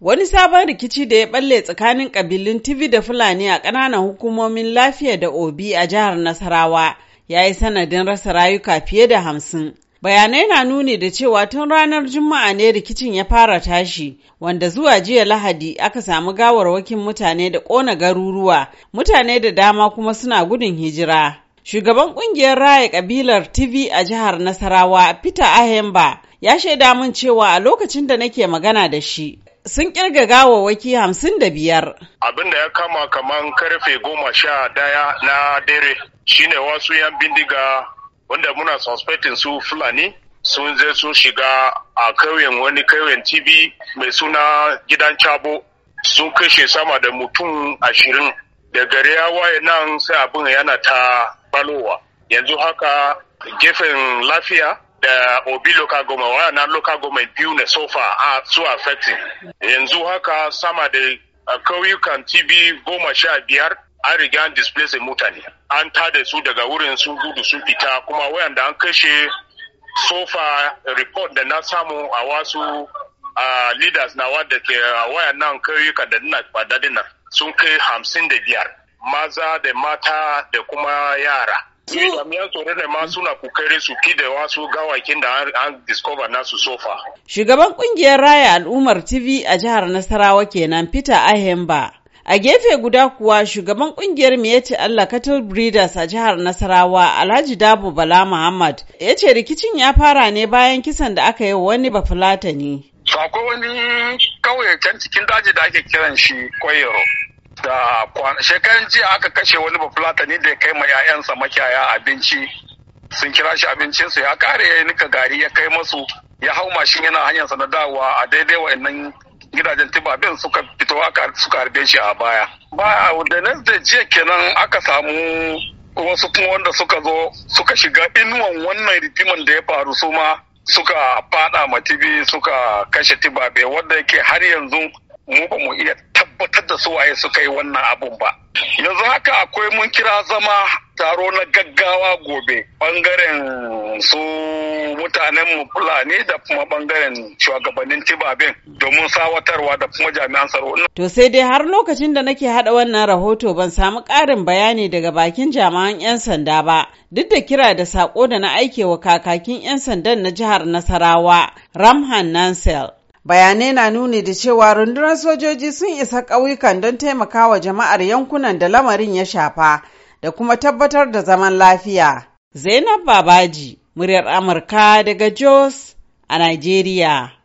Wani sabon rikici da ya balle tsakanin kabilun TV da Fulani a ƙananan hukumomin lafiya da Obi a jihar Nasarawa ya yi sanadin rasa rayuka fiye da hamsin. Bayanai na nuni da cewa tun ranar Juma'a ne rikicin ya fara tashi, wanda zuwa jiya Lahadi aka samu gawarwakin mutane da ƙona garuruwa, mutane da dama kuma suna gudun hijira. Shugaban ƙungiyar raya ƙabilar TV a jihar Nasarawa, Peter Ahemba, ya shaida min cewa a lokacin da nake magana da shi sun kirga waki hamsin da biyar. Abin da ya kama kaman karfe goma sha daya na dare shine wasu yan bindiga wanda muna suspecting su Fulani sun je sun shiga a kauyen wani kauyen TV mai suna gidan Cabo sun kashe sama da mutum ashirin da gari ya waye nan sai abin yana ta balowa yanzu haka gefen lafiya da obi local wa na local goma biyu ne sofa a su affecting yanzu haka sama da kauyukan tv goma sha biyar an riga an displace mutane an tada su daga wurin sun gudu sun fita kuma wayanda an kashe sofa report da na samu a wasu leaders na wadda ke wayan nan kauyukan da na fadadina sun kai hamsin da biyar maza da mata da kuma yara su ki da wasu da an nasu sofa. Shugaban kungiyar raya al'ummar TV a jihar Nasarawa kenan Peter Ahemba. A gefe guda kuwa shugaban kungiyar Miyeti Allah Cattle Breeders a jihar Nasarawa Alhaji Dabu Bala Muhammad ya ce rikicin ya fara ne bayan kisan da aka yi wani bafulatani. So akwai wani kauye can cikin daji da ake kiran shi Koyero. da shekaran jiya aka kashe wani ne da ya kai ma 'ya'yansa makiyaya abinci sun kira shi abincinsu ya kare ya nika gari ya kai masu ya hau mashin yana hanyarsa na dawa a daidai innan gidajen tibabin suka fito suka harbe shi a baya ba da nan da jiya kenan aka samu wasu kuma wanda suka zo suka shiga inuwan wannan ritiman da ya faru su ma suka fada ma tibi suka kashe tibabe wanda yake har yanzu mu ba mu iya tabbatar da su waye suka yi wannan abun ba yanzu haka akwai mun kira zama taro na gaggawa gobe bangaren su mutanen fulani da kuma bangaren shugabannin tibabin domin sawatarwa da kuma jami'an tsaro. To sai dai har lokacin da nake hada wannan rahoto ban samu ƙarin bayani daga bakin jami'an 'yan sanda ba duk da kira da sako da na aike wa kakakin 'yan sandan na jihar Nasarawa Ramhan Nansel. bayanai na nuni da cewa rundunar sojoji sun isa ƙauyukan don taimakawa jama'ar yankunan da lamarin ya shafa da kuma tabbatar da zaman lafiya. Zainab Babaji, muryar Amurka daga Jos a Nigeria.